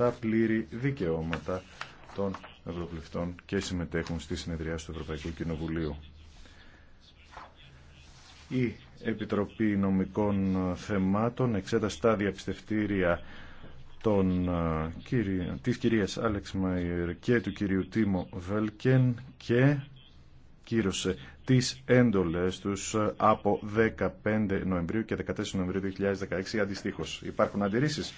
τα πλήρη δικαιώματα των ευρωβουλευτών και συμμετέχουν στη συνεδριά του Ευρωπαϊκού Κοινοβουλίου. Η Επιτροπή Νομικών Θεμάτων εξέτασε τα διαπιστευτήρια των, ε, της κυρίας Άλεξ Μαϊερ και του κυρίου Τίμο Βέλκεν και κύρωσε τις έντολες τους ε, από 15 Νοεμβρίου και 14 Νοεμβρίου 2016 αντιστοίχως. Υπάρχουν αντιρρήσεις.